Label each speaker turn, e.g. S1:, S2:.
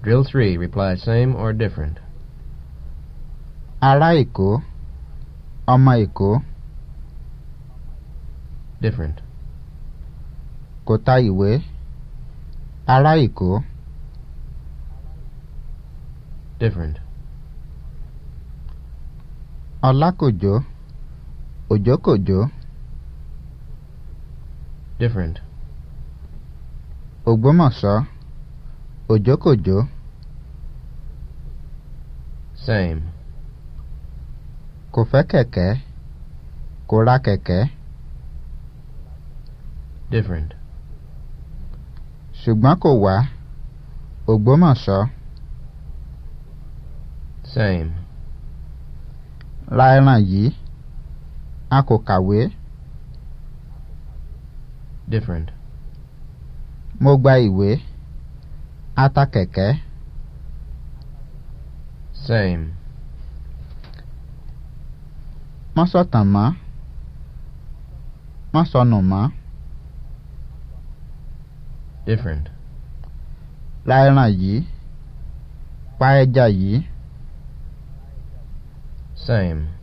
S1: Drill 3. Reply same or different. Araiko. Amaiko. Different. Kotaiwe. Araiko. Different. Alakojo. Ojokojo. Different. Ogbomoso. òjòkòjò. same. kò fẹ́ kẹ̀kẹ́ kò ra kẹ̀kẹ́. different. ṣùgbọ́n kò wá Ògbómọ̀ṣọ́. same. ra ẹran yìí a kò kàwé. different. mo gba ìwé ata kẹ̀kẹ́. same. Maso tama. Maso noma. different. la ẹran yìí pa same.